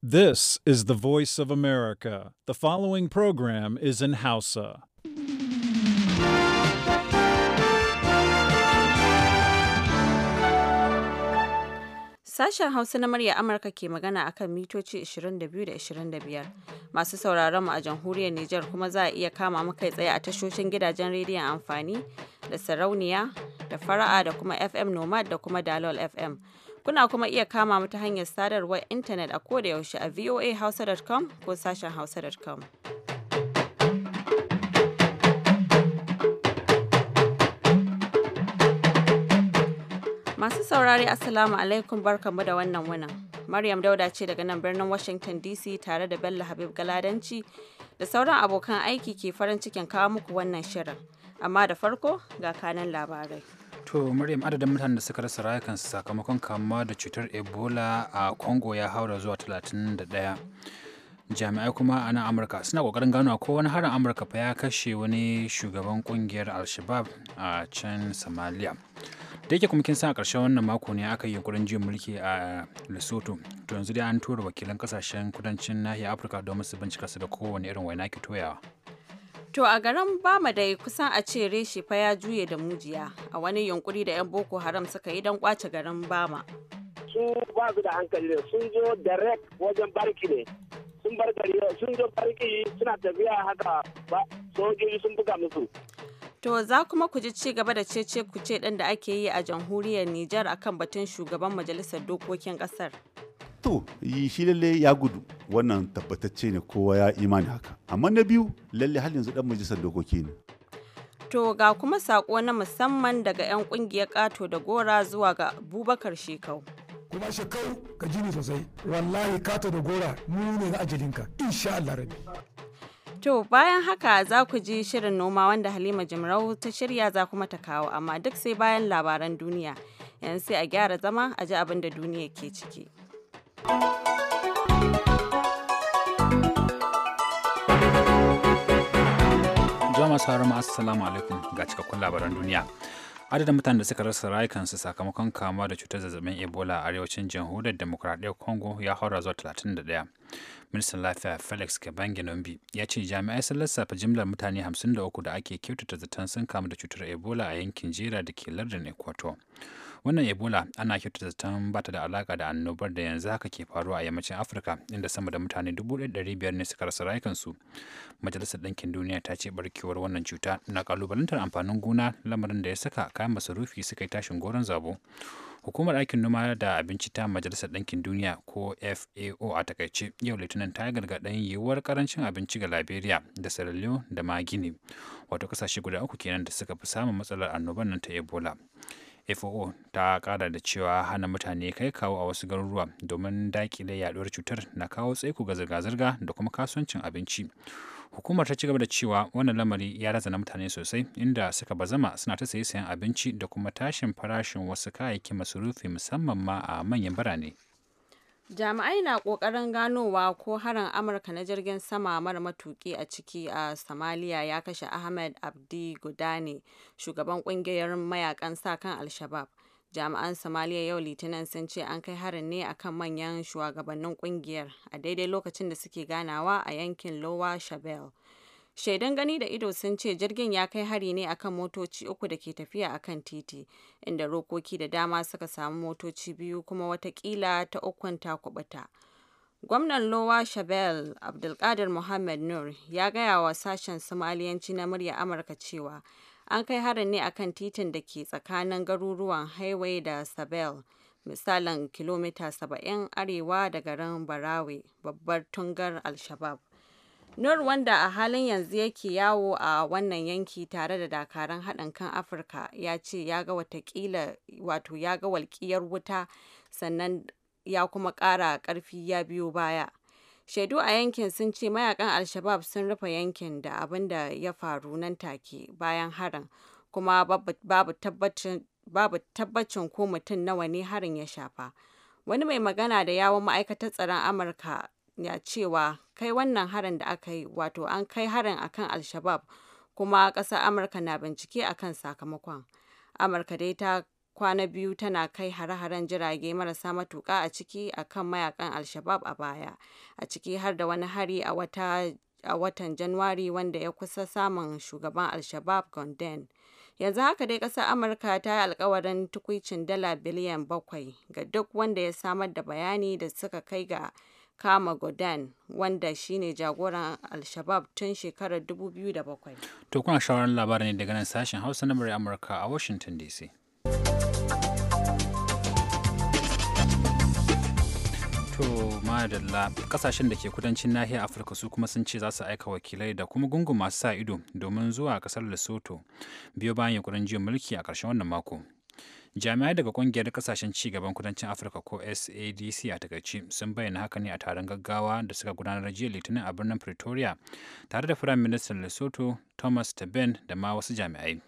This is the voice of America. The following program is in Hausa. Sashen Hausa na murya Amurka ke magana akan mitoci 22 da 25. Masu sauraron mu a jamhuriyar Nijar kuma za a iya kama mu kai tsaye a tashoshin gidajen rediyon amfani da sarauniya da fara'a da kuma FM Nomad da kuma Dalol FM. Kuna kuma iya kama mu ta hanyar sadarwar intanet a koda yaushe a voahausa.com ko sashen hausa.com. Masu saurari Assalamu alaikum barkanmu da wannan wannan Maryam Dauda ce daga nan birnin Washington DC tare da Bello Habib Galadanci da sauran abokan aiki ke farin cikin kawo muku wannan shirin. Amma da farko ga kanan labarai. To Maryam adadin mutanen da suka rasa rayukansu sakamakon kamuwa da cutar Ebola a Congo ya haura zuwa 31. Jami'ai kuma a nan Amurka suna kokarin gano ko wani harin Amurka fa ya kashe wani shugaban kungiyar Al-Shabaab a can Somalia. Da yake kuma kin san a ƙarshen wannan mako ne aka yi yunkurin jin mulki a Lesotho. To yanzu dai an tura wakilan kasashen kudancin nahiyar Afirka domin su bincika su da kowane irin waina ke toyawa. To a garin Bama dai kusan a ce reshe fa ya juye da mujiya a wani yunkuri da 'yan Boko Haram suka yi don kwace garin Bama. Su ba su da hankali sun zo direct wajen barki ne. Sun bar gari sun zo barki suna tafiya haka ba sojoji sun buga musu. To za kuma ku ji ci gaba da cece ku ce ɗin da ake yi a jamhuriyar Nijar akan batun shugaban majalisar dokokin ƙasar. To shi lalle ya gudu wannan tabbatacce ne kowa ya imani haka. Amma na biyu lalle halin zuɗan majalisar dokoki ne. To ga kuma saƙo na musamman daga 'yan ƙungiyar ƙato da gora zuwa ga Abubakar Shekau. kuma shekau ka ji ni sosai wallahi kato da gora mu ne na ajalinka insha Allah rabi To bayan haka za ku ji shirin noma wanda Halima Jimrau ta shirya za kuma ta kawo amma duk sai bayan labaran duniya. Yanzu sai a gyara zama a ji abin da duniya ke ciki. Jama'a sauran assalamu alaikum ga cikakkun labaran duniya. adadin mutanen da suka rasa rayukansu sakamakon kamuwa da cutar zazzabin ebola a arewacin jamhuriyar demokuraɗiyyar congo ya haura zuwa 31 ministan lafiya felix kebange ya ce jami'ai sun lissafa jimlar mutane 53 da ake kyautata zaton sun kamu da cutar ebola a yankin jera da ke lardin ecuador wannan ebola ana kyautata zaton ba da alaka da annobar da yanzu haka ke faruwa a yammacin afirka inda sama da mutane 1,500 ne suka rasa rayukansu majalisar ɗinkin duniya ta ce barkewar wannan cuta na kalubalantar amfanin gona lamarin da ya saka kayan masarufi suka yi tashin goron zabo hukumar aikin noma da abinci ta majalisar ɗinkin duniya ko fao a takaice yau litinin ta gargaɗin yiwuwar karancin abinci ga liberia da sierra da ma guinea wato kasashe guda uku kenan da suka fi samun matsalar annobar nan ta ebola fao ta kara da cewa hana mutane kai kawo a wasu garuruwa domin dakile yaduwar cutar na kawo tsaiko ga zirga-zirga da kuma kasuwancin abinci hukumar ta ci gaba da cewa wannan lamari ya razana mutane sosai inda suka bazama suna ta saye sayan abinci da kuma tashin farashin wasu kayayyaki masu rufe musamman ma a manyan birane Jami'ai na kokarin ganowa ko harin Amurka na jirgin sama mara matuki a ciki a Somalia ya kashe Ahmed Abdi Gudane, shugaban kungiyar mayakan sa-kan Al-Shabab. Jami'an Somalia yau Litinin sun ce an kai harin ne akan manyan shugabannin kungiyar a daidai lokacin da suke ganawa a yankin Lower shabel. Shaidan gani da ido sun ce jirgin ya kai hari ne akan motoci uku da ke tafiya akan titi, inda rokoki da dama suka samu motoci biyu kuma watakila ta ukun ta kubuta. Gwamnan Lowa Shabelle Abdulkadir Mohammed Nur ya gaya wa sashen Somaliyanci na murya Amurka cewa an kai harin ne akan titin da ke tsakanin garuruwan Highway da sabel misalin kilomita 70 arewa da garin Barawe, babbar tungar alshabab. nur wanda a halin yanzu yake yawo a wannan yanki tare da dakaran haɗin kan Afirka ya ce ya ga watakila wato ya ga walƙiyar wuta sannan ya kuma ƙara ƙarfi ya biyo baya. Shaidu a yankin sun ce mayakan Alshabab sun rufe yankin da abin da ya faru nan take bayan harin kuma babu tabbacin ko mutum nawa ne harin ya shafa. Wani mai magana da yawon ma'aikatar tsaron Amurka ya cewa kai wannan harin da aka yi wato an kai harin akan al-shabab kuma ƙasar amurka na bincike akan sakamakon amurka dai ta kwana biyu tana kai hare-haren jirage marasa matuƙa a ciki akan mayakan al-shabab a baya a ciki har da wani hari a wata a watan Januwari wanda ya kusa samun shugaban Al-Shabab Gonden. Yanzu haka dai ƙasar Amurka ta yi alkawarin tukwicin dala biliyan bakwai ga duk wanda ya samar da bayani da suka kai ga kama godan wanda shine jagoran alshabab tun shekarar 2007. To kuna shawarar labarin ne daga nan sashen Hausa na Amurka a Washington DC. to madalla kasashen da ke kudancin nahiyar afirka su kuma sun ce za su aika wakilai da kuma gungun masu sa ido domin zuwa kasar lesotho biyo bayan yankunan jiya mulki a karshen wannan mako jami'ai daga kungiyar kasashen ci gaban kudancin afirka ko sadc a takaici sun bayyana haka ne a taron gaggawa da suka gudanar jiya litinin a birnin pretoria tare da firayim ministan lesotho thomas taben da ma wasu jami'ai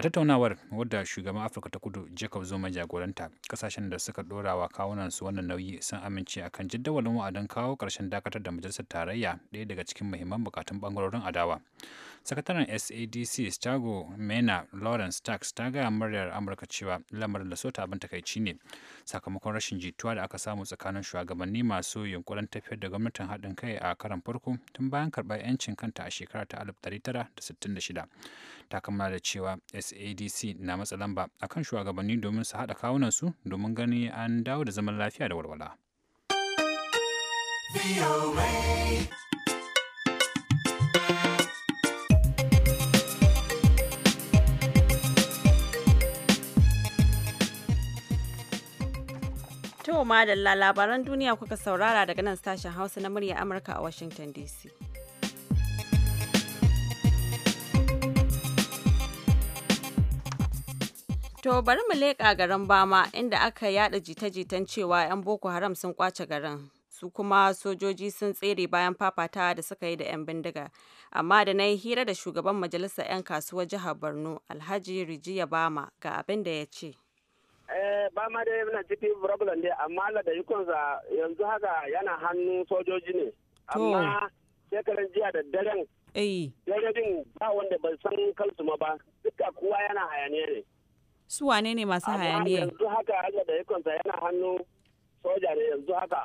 a tattaunawar wadda shugaban afirka ta kudu jacob zuma jagoranta kasashen da suka dora wa kawunansu wannan nauyi sun amince a kan jaddawalin wa'adin kawo karshen dakatar da majalisar tarayya ɗaya daga cikin muhimman bukatun bangarorin adawa sakataren sadc stago mena lawrence tax ta gaya muryar amurka cewa lamarin sota abin takaici ne sakamakon rashin jituwa da aka samu tsakanin shugabanni masu yunkurin tafiyar da gwamnatin haɗin kai a karan farko tun bayan karɓar 'yancin kanta a shekara ta 1966 ta kammala da cewa sadc na matsa lamba a kan shugabanni domin su haɗa kawunansu domin gani an dawo da zaman lafiya da walwala To madalla labaran duniya kuka saurara daga nan sashen Hausa na murya Amurka a Washington DC. To bari mu leƙa garin Bama inda aka yada jita-jitan cewa 'yan Boko Haram sun kwace garin. Su kuma sojoji sun tsere bayan fafatawa da suka yi da 'yan bindiga. Amma da na yi hira da shugaban majalisar 'yan kasuwar jihar Borno, Alhaji Rijiya Bama, ga abin da ya ce. Eh, ba ma dai yana cikin problem dai amma Allah da ikonsa yanzu haka yana hannun sojoji ne. Amma shekaran jiya da daren. Daren ba wanda ban san kalsuma ba. Duka kowa yana hayaniya ne. su wane ne masu hayaniya yanzu haka hanyar da ikonsa yana hannu soja ne yanzu haka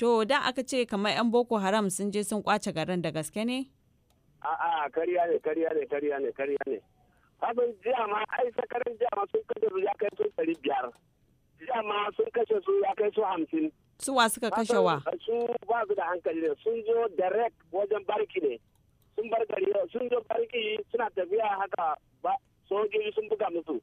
to da aka ce kamar yan boko haram sun je sun kwace garin da gaske ne a'a kariya ne kariya ne kariya ne kariya ne abin jiya ma ai sakarin jiya ma sun kashe su ya kai su ɗari biyar jiya ma sun kashe su ya kai su hamsin su wa suka kashe wa su ba su da hankali ne sun zo direct wajen barki ne sun bar gari sun zo barki suna tafiya haka ba sojoji sun buga musu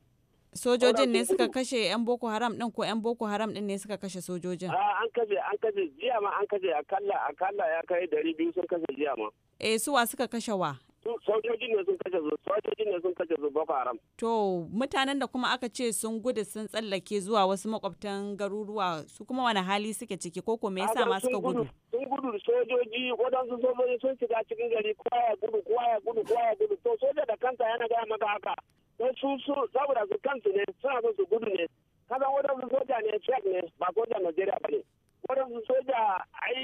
sojojin ne suka kashe 'yan boko haram din ko 'yan boko haram din ne suka kashe sojojin ah, an kashe an kashe jiya ma an kashe akalla akalla ya kai dari biyu sun kashe jiya ma eh suwa suka kashe wa sojojin ne sun kashe su sojojin ne sun kashe boko haram to mutanen da kuma aka ce sun gudu sun tsallake zuwa wasu makwabtan garuruwa su kuma wani hali suke ciki ko ko me yasa ma suka gudu sun gudu sojoji wadansu sojoji sun shiga cikin gari kowa ya gudu kowa ya gudu kowa ya gudu to soja da kansa yana gaya maka haka don su su saboda su kansu ne suna so su gudu ne kasan wadansu soja ne fake ne ba soja najeriya ba ne wadansu soja ai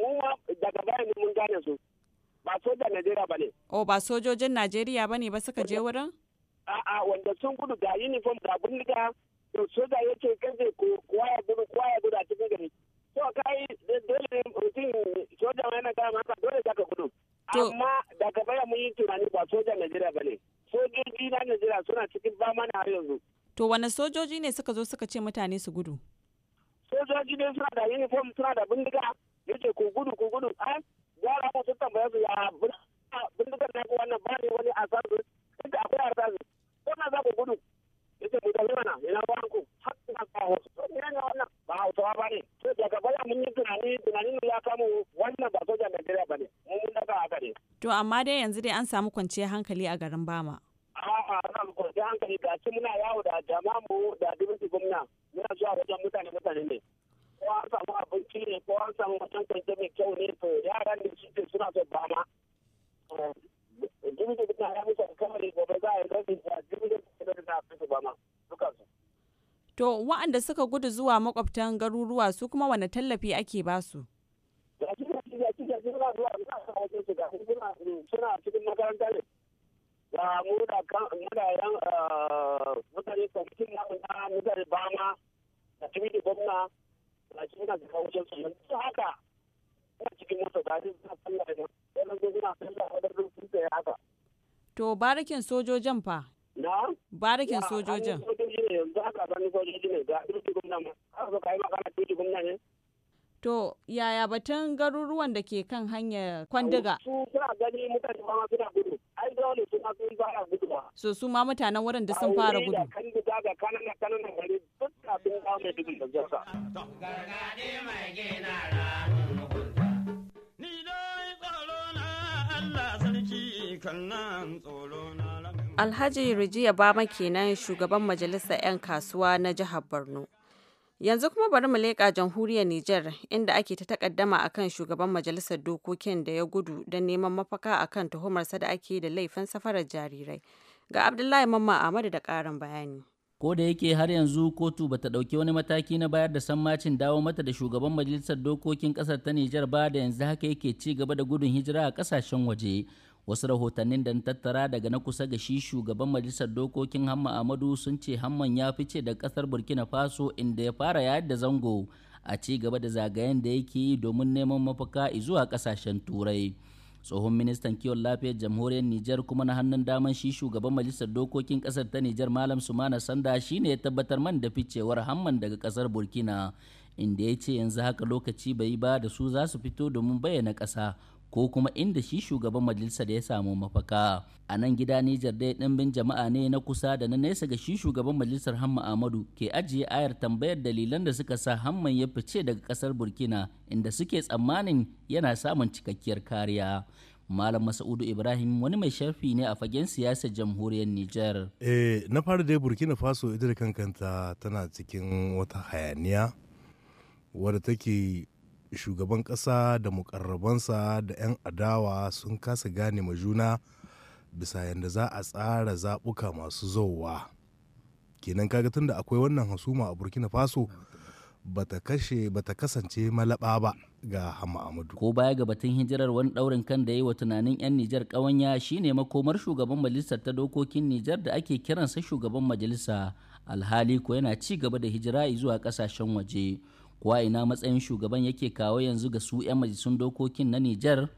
mu ma daga baya ne mun gane su ba soja najeriya ba ne o oh, ba sojojin najeriya ba ne ba suka je wurin a'a wanda sun gudu ga uniform ga bindiga to soja ya ce karfe kowa waya gudu kowa waya gudu a cikin gari to kai dole ne mutum soja ma yana gama haka dole za ka gudu amma daga baya mun yi tunani ba soja najeriya ba ne sojoji na Najeriya suna cikin fama har yanzu. To wane sojoji ne suka zo suka ce mutane su gudu? Sojoji ne suna da uniform suna da bindiga ce ku gudu ku gudu a gara ko sun tambaya su ya bindigar na wannan ba ne wani asasu inda akwai asasu. Wannan za ku gudu suke mu da mana ina ba ku har ka wasu to ina ne wannan ba hausawa ba ne to daga baya mun yi tunani tunanin mu ya kamu wannan ba sojan Najeriya ba ne mun daga haka ne to amma dai yanzu dai an samu kwanciyar hankali a garin Bama a'a ran hankali ga shi muna yawo da jama'a da dibiti gwamna muna zuwa wajen mutane mutane ne ko an samu abinci ne ko an samu wajen kwanciyar mai kyau ne to yaran da suke suna so ba ma To wa'anda suka gudu zuwa makwabtan garuruwa su kuma wane tallafi ake ba su? suna cikin makaranta ne gwamna da haka cikin mota ga To barikin sojojin fa? Na? Barikin sojojin. To yaya batun garuruwan da ke kan hanyar kwandiga? Su gani mutane ma suna gudu. Ai sun fara gudu ba. So su ma mutanen wurin da sun fara gudu. Ai kan guda ga kanana kanana gari mai dubin Alhaji Rijiya Bama kenan shugaban majalisar 'yan kasuwa na jihar Borno. Yanzu kuma bari mu leƙa jamhuriyar Nijar inda ake ta takaddama akan shugaban majalisar dokokin da ya gudu don neman mafaka a akan tuhumarsa da ake da laifin safarar jarirai. Ga Abdullahi Mamma Ahmadu da ƙarin bayani. ko da yake har yanzu kotu bata ɗauki wani mataki na bayar da sammacin dawo mata da shugaban majalisar dokokin ƙasar ta Nijar ba da yanzu haka yake ci gaba da gudun hijira a ƙasashen waje wasu rahotannin da tattara daga na kusa ga shi shugaban majalisar dokokin hamma amadu sun ce hamman ya fice da kasar burkina faso inda ya fara yayar da zango a ci gaba da zagayen da yake yi domin neman mafaka zuwa kasashen turai tsohon ministan kiwon lafiyar jamhuriyar Nijar kuma na hannun daman shi shugaban majalisar dokokin kasar ta Nijar Malam Sumana Sanda shine ya tabbatar man da ficewar Hamman daga kasar Burkina inda ya ce yanzu haka lokaci bai ba da su za su fito domin bayyana kasa. ko kuma inda shi shugaban majalisar ya samu mafaka a nan gida Nijar dai ɗimbin jama'a ne na kusa da na nesa ga shi shugaban majalisar Hamma Ahmadu ke ajiye ayar tambayar dalilan da suka sa Hamman ya fice daga ƙasar Burkina inda suke tsammanin yana samun cikakkiyar kariya. Malam Masa'udu Ibrahim wani mai sharfi ne a fagen siyasar jamhuriyar Nijar. Eh, na fara dai Burkina Faso ita da kankanta tana cikin wata hayaniya wadda take shugaban ƙasa da mukarrabansa da 'yan adawa sun kasa gane ma juna bisa yadda za a tsara zaɓuka masu zowa kenan kaga tunda akwai wannan hasuma a burkina faso bata kashe bata kasance malaba ba ga hama amadu ko baya ga batun hijirar wani daurin kan da yi wa tunanin yan nijar kawanya shine makomar shugaban majalisar ta dokokin nijar da ake kiransa shugaban majalisa alhali ko yana ci gaba da hijira zuwa kasashen waje kuwa ina matsayin shugaban yake kawo yanzu ga su 'yan majalisun dokokin na Nijar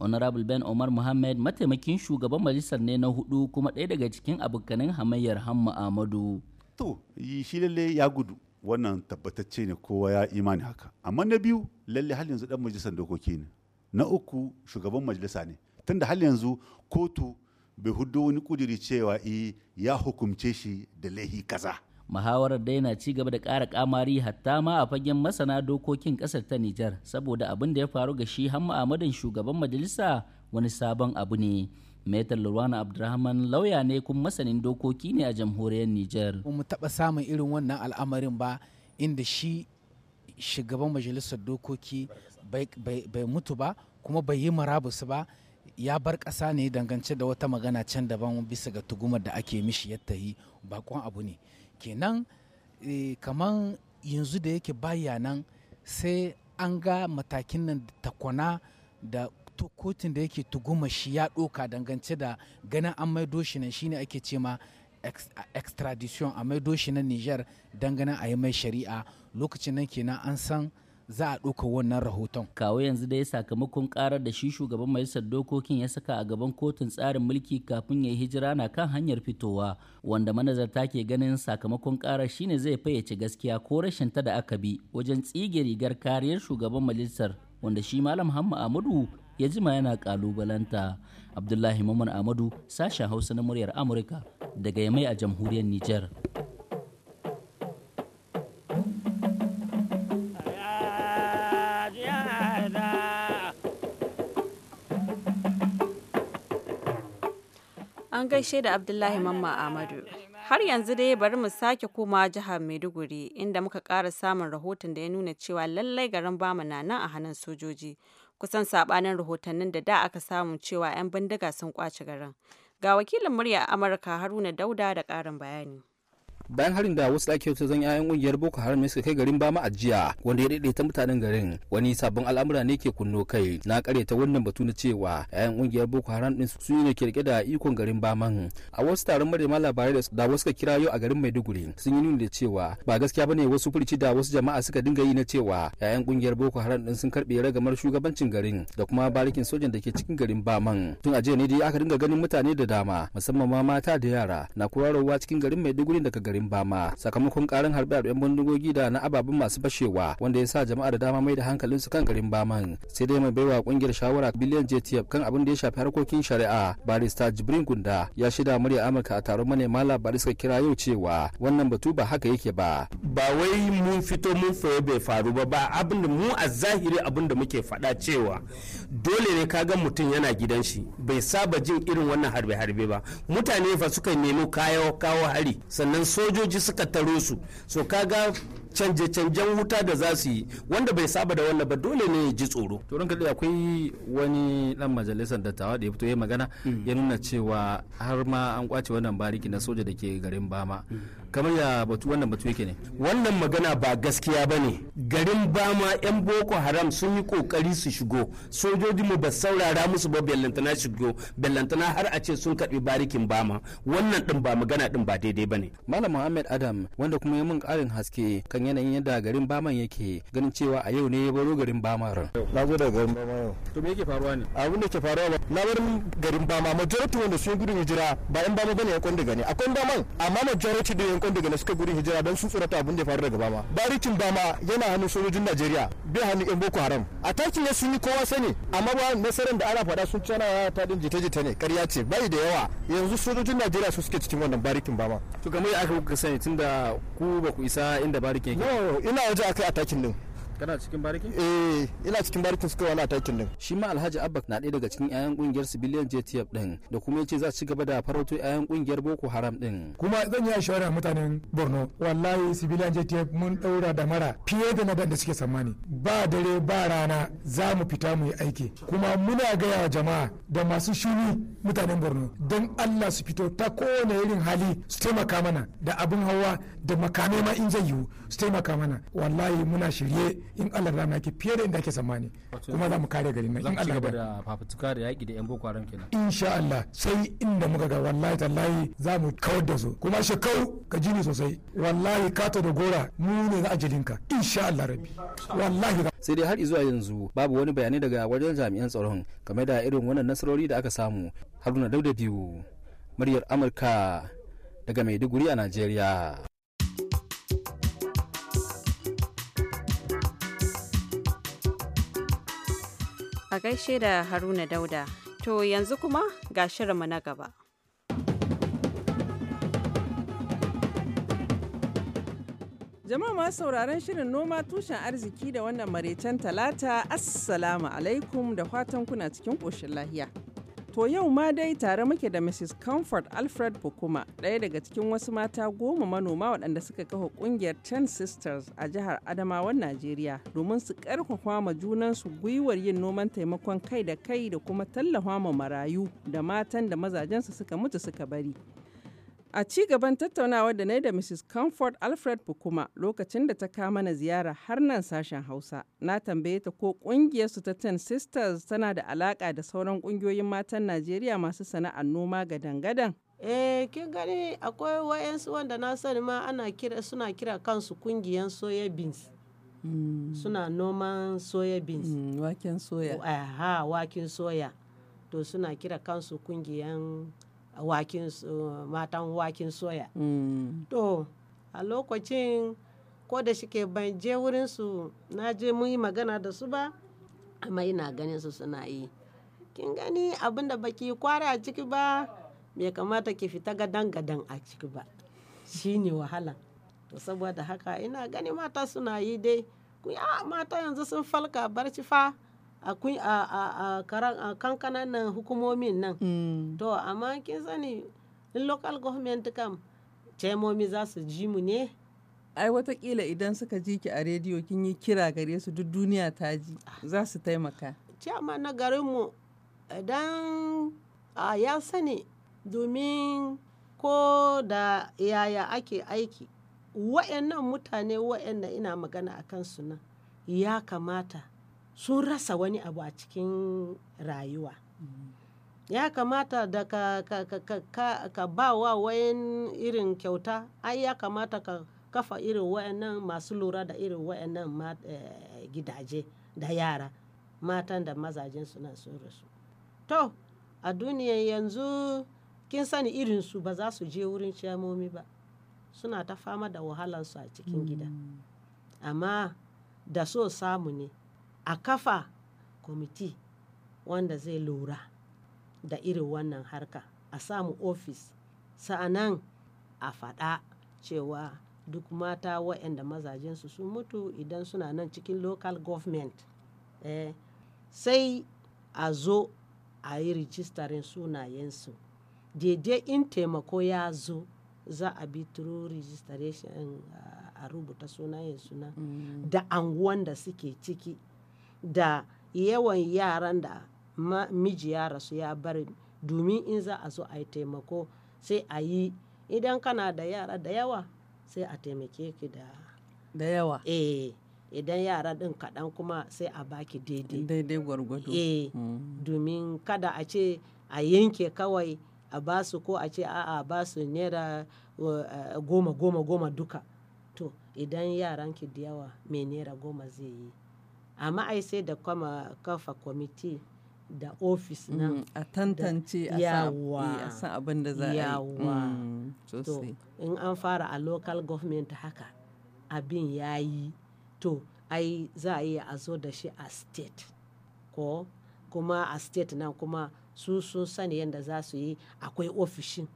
Honorable Ben Omar muhammed mataimakin shugaban majalisar ne na hudu kuma ɗaya daga cikin abokanin hamayyar Hamma Ahmadu. To, shi lalle ya gudu wannan tabbatacce ne kowa ya imani haka. Amma na biyu lalle hal yanzu dan majalisar dokoki ne. Na uku shugaban majalisa ne. Tunda hal yanzu kotu bai hudu wani kudiri cewa eh, ya hukumce shi da laihi kaza. muhawarar da yana ci gaba da ƙara kamari hatta ma a fagen masana dokokin ƙasar ta Nijar saboda abin da ya faru ga shi hamma Ahmadin shugaban majalisa wani sabon abu ne. Metal Lurwana Abdurrahman lauya ne kuma masanin dokoki ne a jamhuriyar Nijar. Ba mu taɓa samun irin wannan al'amarin ba inda shi shugaban majalisar dokoki bai mutu ba kuma bai yi marabus ba ya bar ƙasa ne dangance da wata magana can daban bisa ga tugumar da ake mishi yadda yi bakon abu ne. kenan e kaman yanzu da yake baya sai an ga matakin nan takwana da kotun da yake tuguma shi ya ɗoka dangance da ganin an maido shi nan shine ake ce ma extradition a maido shi na niger dangane a yi mai shari'a lokacin nan kenan an san za a ɗauka wannan rahoton. Kawo yanzu dai sakamakon ƙarar da shi shugaban majalisar dokokin ya saka a gaban kotun tsarin mulki kafin ya hijira na kan hanyar fitowa wanda manazarta ke ganin sakamakon karar shine zai fayyace gaskiya ko rashin ta da aka bi wajen tsige rigar kariyar shugaban majalisar wanda shi malam Hamma Amadu ya jima yana kalubalanta. Abdullahi Maman Amadu sashen Hausa na muryar Amurka daga Yamai a jamhuriyar Nijar. gaishe da Abdullahi Mamma Ahmadu. Har yanzu dai bari mu sake koma jihar Maiduguri inda muka ƙara samun rahoton da ya nuna cewa lallai garin bamu na nan a hannun sojoji. Kusan sabanin rahotannin da da aka samu cewa 'yan bindiga sun kwace garin. Ga wakilin murya Amurka Haruna Dauda da ƙarin bayani. bayan harin da wasu ɗaki ta zan yayan ƙungiyar boko haram ne suka kai garin bama a jiya wanda ya daidaita mutanen garin wani sabon al'amura ne ke kunno kai na ta wannan batu na cewa yayan ƙungiyar boko haram din su ne ke rike da ikon garin baman a wasu taron manema labarai da wasu ka kira yau a garin maiduguri sun yi nuni da cewa ba gaskiya bane wasu furici da wasu jama'a suka dinga yi na cewa yayan ƙungiyar boko haram din sun karɓe ragamar shugabancin garin da kuma barikin sojan da ke cikin garin baman tun a jiya ne dai aka dinga ganin mutane da dama musamman ma mata da yara na kurarowa cikin garin maiduguri daga garin garin bama sakamakon karin harbe-harben bindigogi da na ababen masu bashewa wanda ya sa jama'a da dama mai da su kan garin baman sai dai mai baiwa kungiyar shawara biliyan jtf kan abin da ya shafi harkokin shari'a barista jibrin gunda ya shida murya amurka a taron manema labarai suka kira yau cewa wannan batu ba haka yake ba ba wai mun fito mun fayo bai faru ba ba abin da mu a zahiri abin da muke faɗa cewa dole ne ka ga mutum yana gidan shi bai saba jin irin wannan harbe-harbe ba mutane fa suka nemi kayo kawo hari sannan so sojoji suka taro su so kaga canje-canjen wuta da za su yi wanda bai saba da wannan ba dole ne ya ji tsoro. turan kadai akwai wani ɗan majalisar dattawa da ya fito ya magana mm. ya nuna cewa har ma an kwace wannan bariki na soja da ke garin bama mm. kamar ya batu wannan batu yake ne wannan magana ba gaskiya ba ne garin ma yan boko haram sun yi kokari su shigo sojoji mu ba saurara musu ba bellantana shigo bellantana har a ce sun karbi barikin bama wannan din ba magana din ba daidai ba ne malam muhammad adam wanda kuma ya mun karin haske kan yanayin yadda garin baman yake ganin cewa a yau ne ya baro garin ran na zo da garin bama yau to me yake faruwa ne abin da ke faruwa ba na bar garin bama majority wanda sun gudun hijira ba yan bama bane ya kwanda gani akwai baman amma majority da maimakon daga na suka gudun hijira don sun tsorata abin da ya faru daga bama barikin bama yana hannun sojojin najeriya bai hannun yan boko haram a takin ne sun yi kowa sani amma ba nasarar da ana faɗa sun ci ana ta ɗin jita-jita ne ƙarya ce bai da yawa yanzu sojojin najeriya su suke cikin wannan barikin bama to kamar aka kuka sani tunda ku ba ku isa inda barikin yake ina waje akai a takin din kana cikin barikin eh ina cikin barikin suka wani atakin din shi ma alhaji abba na ɗaya daga cikin 'ya'yan kungiyar civilian jtf din da kuma yace za su ci gaba da farauto 'ya'yan kungiyar boko haram din kuma zan yi shawara mutanen borno wallahi civilian jtf mun ɗaura da mara fiye da nadan da suke tsammani ba dare ba rana za mu fita mu yi aiki kuma muna gaya wa jama'a da masu shuni mutanen borno don allah su fito ta kowane irin hali su taimaka mana da abin hawa da makamai ma in zai yiwu su taimaka mana wallahi muna shirye in allah rana yake fiye da inda ake tsammani kuma za mu kare garin nan in allah da fafutuka da yaki da yan boko haram kenan insha allah sai inda muka ga wallahi tallahi za mu kawar da su kuma shekau ka ji ni sosai wallahi kato da gora mu ne za a jilinka insha allah rabbi wallahi sai dai har zuwa yanzu babu wani bayani daga wajen jami'an tsaron game da irin wannan nasarori da aka samu haruna dauda biyu muryar amurka daga maiduguri a najeriya a gaishe da haruna dauda to yanzu kuma ga shirinmu na gaba Jama'a ma sauraron shirin noma tushen arziki da wannan maraicen talata Assalamu alaikum da fatan kuna cikin ƙoshin lahiya. To yau ma dai tare muke da Mrs. Comfort Alfred Bukuma, ɗaya daga cikin wasu mata goma manoma waɗanda suka kafa ƙungiyar Ten Sisters a jihar Adamawan Najeriya domin su ƙarfafa ma junansu gwiwar yin noman taimakon kai da kai da kuma tallafa ma marayu da matan da mazajensu suka mutu suka bari. A ci gaban tattaunawa da na da Mrs. Comfort Alfred Bukuma lokacin da ta kama na ziyara har nan sashen Hausa, na tambaye ta ko kungiyar su ta Ten Sisters tana da alaka da sauran kungiyoyin matan Najeriya masu sana'ar noma ga dangadan. Eh, kin gani akwai wayansu wanda na sani ma ana kira suna kira kansu kungiyan soya beans. Hmm. Suna noman soya beans. Mm, waken soya. Aha, waken soya. To suna kira kansu kungiyan matan wakin soya mm. to a lokacin ko da shike ban je wurinsu na je mun yi magana da su ba amma ina ganin su suna yi kin gani abinda baki baki kwara a ciki ba me kamata ki fita gadan gadan a ciki ba shi ne wahala to saboda haka ina gani mata suna yi dai ku ah, mata yanzu sun falka barci fa a kankanan nan hukumomin nan mm. to amma kin sani local government kam taimomi za su ji mu ne ai watakila idan suka ji ki a rediyo kin yi kira gare su duk duniya ta ji za su taimaka ciyama na garinmu idan ya sani domin ko da yaya ake aiki wayannan mutane wa'anda ina magana a kansu nan ya kamata sun rasa wani abu a cikin rayuwa mm. ya kamata da ka, ka, ba wa wayan irin kyauta ai ya kamata ka kafa irin wayannan masu lura da irin wayannan eh, gidaje da yara matan da mazajen suna sun rasu to a duniyan yanzu kin sani irin su ba za su je wurin ciyamomi ba suna ta fama da wahalansu a cikin gida mm. amma da so samu ne a kafa kwamiti wanda zai lura da irin wannan harka a samu ofis sa'anan a faɗa cewa duk mata waɗanda mazajensu sun mutu idan suna nan cikin local government eh, sai a zo a yi rijistarin sunayensu daidai in taimako ya zo za a bi through registration eh, a rubuta sunayensu na mm. da anguwan da suke ciki da yawan yaran da miji ya rasu ya bari domin in za a zo a yi taimako sai a yi idan kana da yara da yawa sai a taimake ki da da yawa eh idan yara din kaɗan kuma sai a baki daidai daidai gwargwado eh mm. domin kada a ce a yanke kawai a basu ko a ce a'a basu naira goma goma goma duka to idan yaran ki da yawa me naira goma zai yi amma ai sai da kwama kafa kwamiti da ofis mm, nan a tantance a san abin da za a yi mm, to in an fara a local government haka abin ya yi to ai za a iya a zo da shi a state ko kuma a state nan kuma su sun sani yadda za su yi akwai ofishin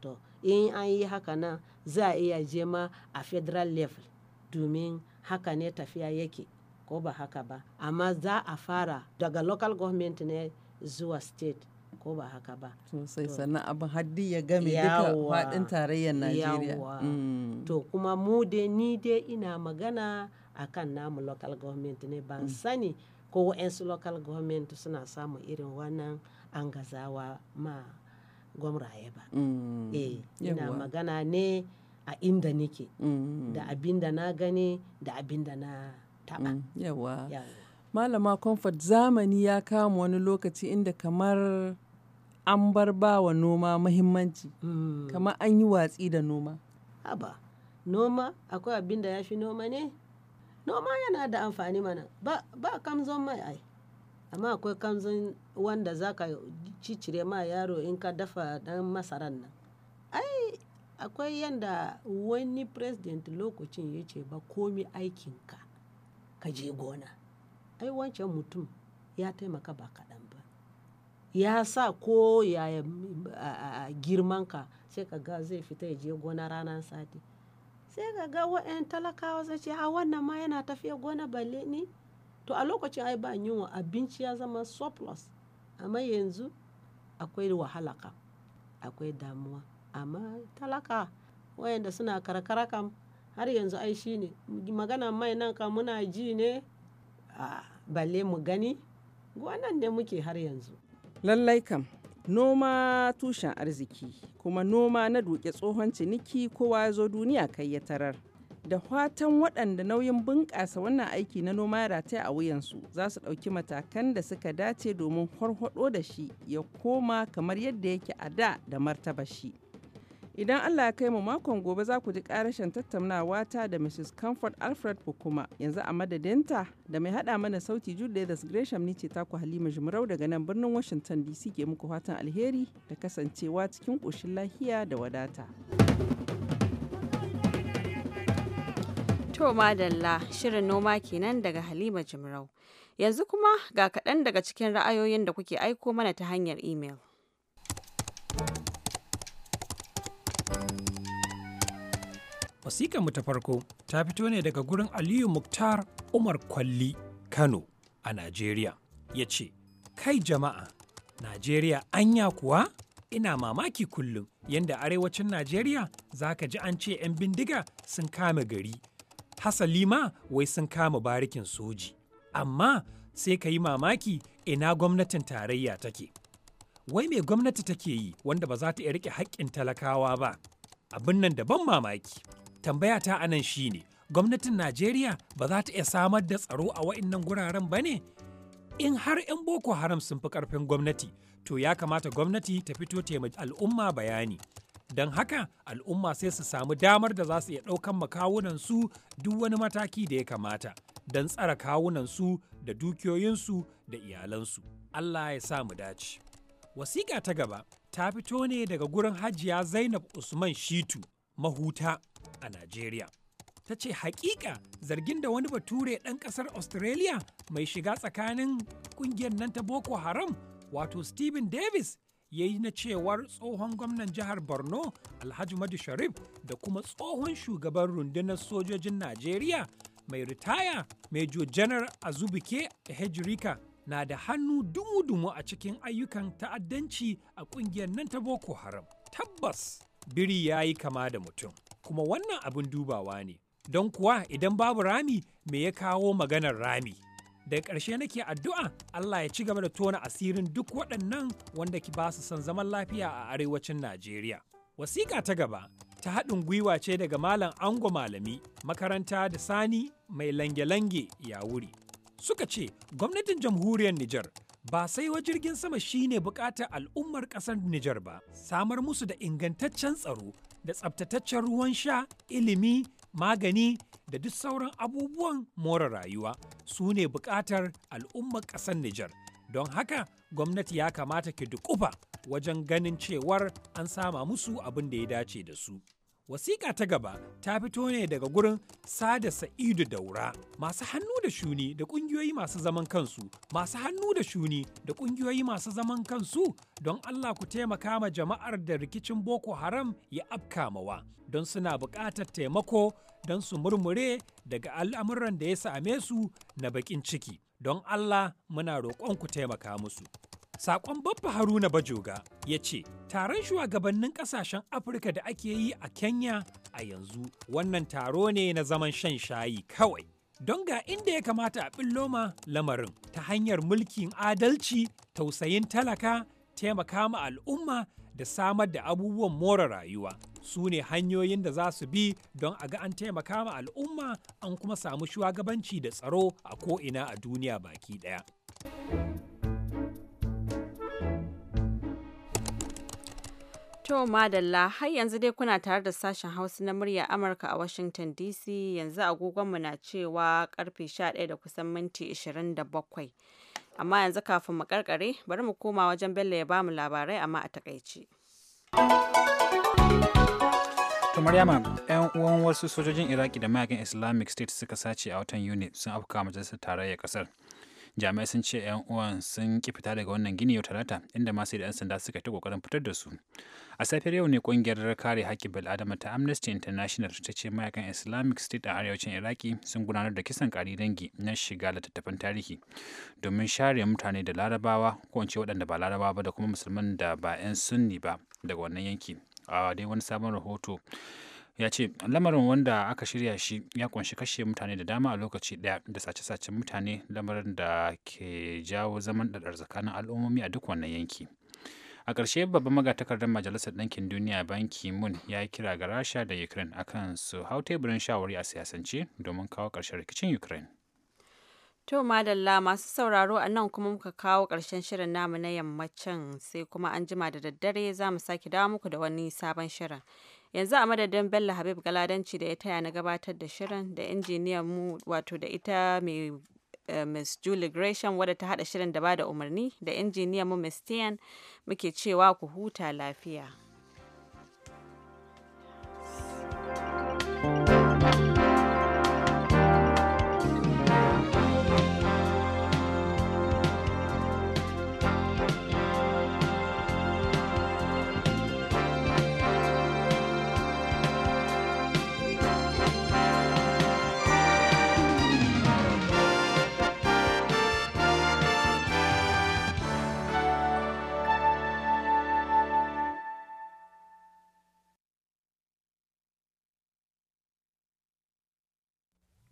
to in an yi haka nan za a iya jema a federal level domin haka ne tafiya yake ko ba haka ba amma za a fara daga local government ne zuwa state ko ba haka ba sosai sannan abin haddi ya game duka faɗin tarayyar najeriya mm. to kuma mu dai ni dai ina magana akan namu local government ne ban mm. sani ko su local government suna samun irin wannan an gazawa ma gwamraye ba mm. eh ina magana ne a inda nake da abin da na gani da abin da na taɓa mm, yawa malama comfort zamani ya kama wani lokaci inda kamar an bar bawa noma muhimmanci kama mm. kamar an yi watsi da noma haba noma akwai abin da ya fi noma ne noma yana da amfani mana ba, ba kamzon mai ai amma akwai kamzon wanda za ka cicire ma yaro in ka dafa dan masaran nan ai akwai yanda wani president lokacin ya ce ba komi aikinka ka je gona ai wancan mutum ya taimaka ba kaɗan ba ya sa ko yaya girmanka sai ka ga zai fita ya je gona ranar sati sai ka ga wa'yan talakawa zai ce ha wannan ma yana tafiya gona balle ni to a lokacin ai ba wa abinci ya zama surplus amma yanzu akwai wahala kam akwai damuwa amma talaka wayanda suna karkara kam har yanzu ai shi ne magana mai nan ka muna ji ne a balle mu gani wannan ne muke har yanzu lallai kam noma tushen arziki kuma noma na duke tsohon ciniki kowa ya zo duniya kai ya tarar da fatan waɗanda nauyin bunƙasa wannan aiki na noma ya rataya a wuyansu za su ɗauki matakan da suka dace domin horhoɗo da shi ya koma kamar yadda yake a da da martaba shi. Idan Allah ya kai mu makon gobe za ku ji karashin tattaunawa ta da Mrs. Comfort Alfred Hukuma yanzu a madadinta da mai haɗa mana sauti da Gresham ni ce taku Halima Jumrau daga nan birnin Washington DC ke muku fatan alheri da kasancewa cikin ƙoshin lahiya da wadata. To madalla shirin noma kenan daga Halima Jumrau. Yanzu kuma ga kaɗan daga cikin ra'ayoyin da kuke aiko mana ta hanyar imel. mu ta farko ta fito ne daga gurin Aliyu Muktar Umar Kwalli Kano a Najeriya. Ya ce, Kai jama'a, Najeriya anya kuwa? Ina mamaki kullum yadda arewacin Najeriya za ka ji an ce 'yan bindiga sun kame gari. Hasali ma wai sun kama barikin soji. Amma sai ka yi mamaki ina gwamnatin tarayya take. Wai mai gwamnati take yi wanda ba za ta iya riƙe haƙƙin talakawa ba. Abin nan da ban mamaki. tambaya ta anan shine gwamnatin najeriya ba za ta iya samar da tsaro a wa'innan guraren ba ne in har 'yan boko haram sun fi ƙarfin gwamnati to ya kamata gwamnati ta fito taimaki al'umma bayani don haka al'umma sai su samu damar da za su iya ɗaukan makawunansu duk wani mataki da ya kamata don tsara kawunansu da dukiyoyinsu da iyalansu allah ya sa mu dace wasiƙa ta gaba ta fito ne daga gurin hajiya zainab usman shitu mahuta a Najeriya. Ta ce hakika zargin da wani bature ɗan ƙasar Australia mai shiga tsakanin ƙungiyar nan ta Boko Haram wato Stephen Davis ya yi na cewar tsohon gwamnan jihar Borno Alhaji Madu Sharif da kuma tsohon shugaban rundunar sojojin Najeriya mai ritaya Major General Azubike Hejrika na da hannu dumu-dumu a cikin ayyukan ta'addanci a ƙungiyar nan ta Boko Haram. Tabbas biri ya yi kama da mutum. kuma wannan abin dubawa ne don kuwa idan babu rami me ya kawo maganar rami da ƙarshe nake addu'a Allah ya ci gaba da tona asirin duk waɗannan wanda ki ba su son zaman lafiya a arewacin Najeriya. Wasiƙa ta gaba ta haɗin gwiwa ce daga Malam Ango Malami makaranta da Sani mai lange-lange ya wuri. Suka ce gwamnatin jamhuriyar Nijar Ba sai wa jirgin sama shine buƙatar al'ummar ƙasar Nijar ba, samar musu da ingantaccen tsaro da tsabtataccen ruwan sha, ilimi, magani da duk sauran abubuwan more rayuwa su ne buƙatar al'ummar ƙasar Nijar. Don haka gwamnati ya kamata ki dukufa wajen ganin cewar an sama musu abin da ya dace da su. Wasiƙa ta gaba ta fito ne daga gurin Sada Sa'idu Daura, masu hannu da shuni da ƙungiyoyi masu zaman kansu, masu hannu da shuni da ƙungiyoyi masu zaman kansu don Allah ku taimaka ma jama'ar da rikicin Boko Haram ya afkamawa, don suna buƙatar taimako don su murmure daga al'amuran da ya same su na baƙin ciki. Don Allah muna roƙon ku taimaka musu. Sakon Babba Haruna Bajoga ya ce, Taron shugabannin ƙasashen Afirka da ake yi a Kenya a yanzu wannan taro ne na zaman shan shayi kawai. Don ga inda ya kamata a ɓilloma lamarin ta hanyar mulkin adalci, tausayin talaka, taimaka ma al'umma da samar da abubuwan more rayuwa. Su ne hanyoyin da za su bi don a ga an taimaka ma al'umma an kuma samu shugabanci da tsaro a ko'ina a duniya baki ɗaya. To Madalla har yanzu dai kuna tare da sashen Hausa na murya Amurka a Washington DC yanzu agogonmu na cewa karfe 11 da kusan minti 27. Amma yanzu kafin mu karkare bari mu koma wajen Bello ya bamu labarai amma a takaice. To Maryama, 'yan uwan wasu sojojin Iraki da mayakan Islamic State suka sace a watan Yuni sun afka majalisar tarayyar kasar. jami'ai sun ce 'yan uwan sun ki fita daga wannan gini yau talata inda masu da 'yan sanda suka ta kokarin fitar da su a safiyar yau ne kungiyar kare haƙƙin adama ta amnesty international ta ce mayakan islamic state a arewacin iraki sun gudanar da kisan ƙari dangi na shiga littattafan tarihi domin share mutane da larabawa ko in ce waɗanda ba larabawa ba da kuma musulman da ba 'yan sunni ba daga wannan yanki a dai wani sabon rahoto ya ce lamarin wanda aka shirya shi ya kunshi kashe mutane da dama a lokaci daya da sace-sacen mutane lamarin da ke jawo zaman ɗaɗar tsakanin al'ummomi a duk wannan yanki a ƙarshe babban magatakardar majalisar ɗankin duniya banki mun ya yi kira ga rasha da ukraine akan su hau teburin shawari a siyasance domin kawo ƙarshen rikicin ukraine To madalla masu sauraro a nan kuma muka kawo ƙarshen shirin namu na yammacin sai kuma an jima da daddare za mu sake dawo muku da wani sabon shirin. yanzu a madadin bello habib galadanci da ya taya na gabatar da shirin da injiniyan mu wato da ita mai eh, Miss Julie Gresham wadda ta haɗa shirin da ba da umarni da injiniyan mu Miss Tian muke cewa ku huta lafiya.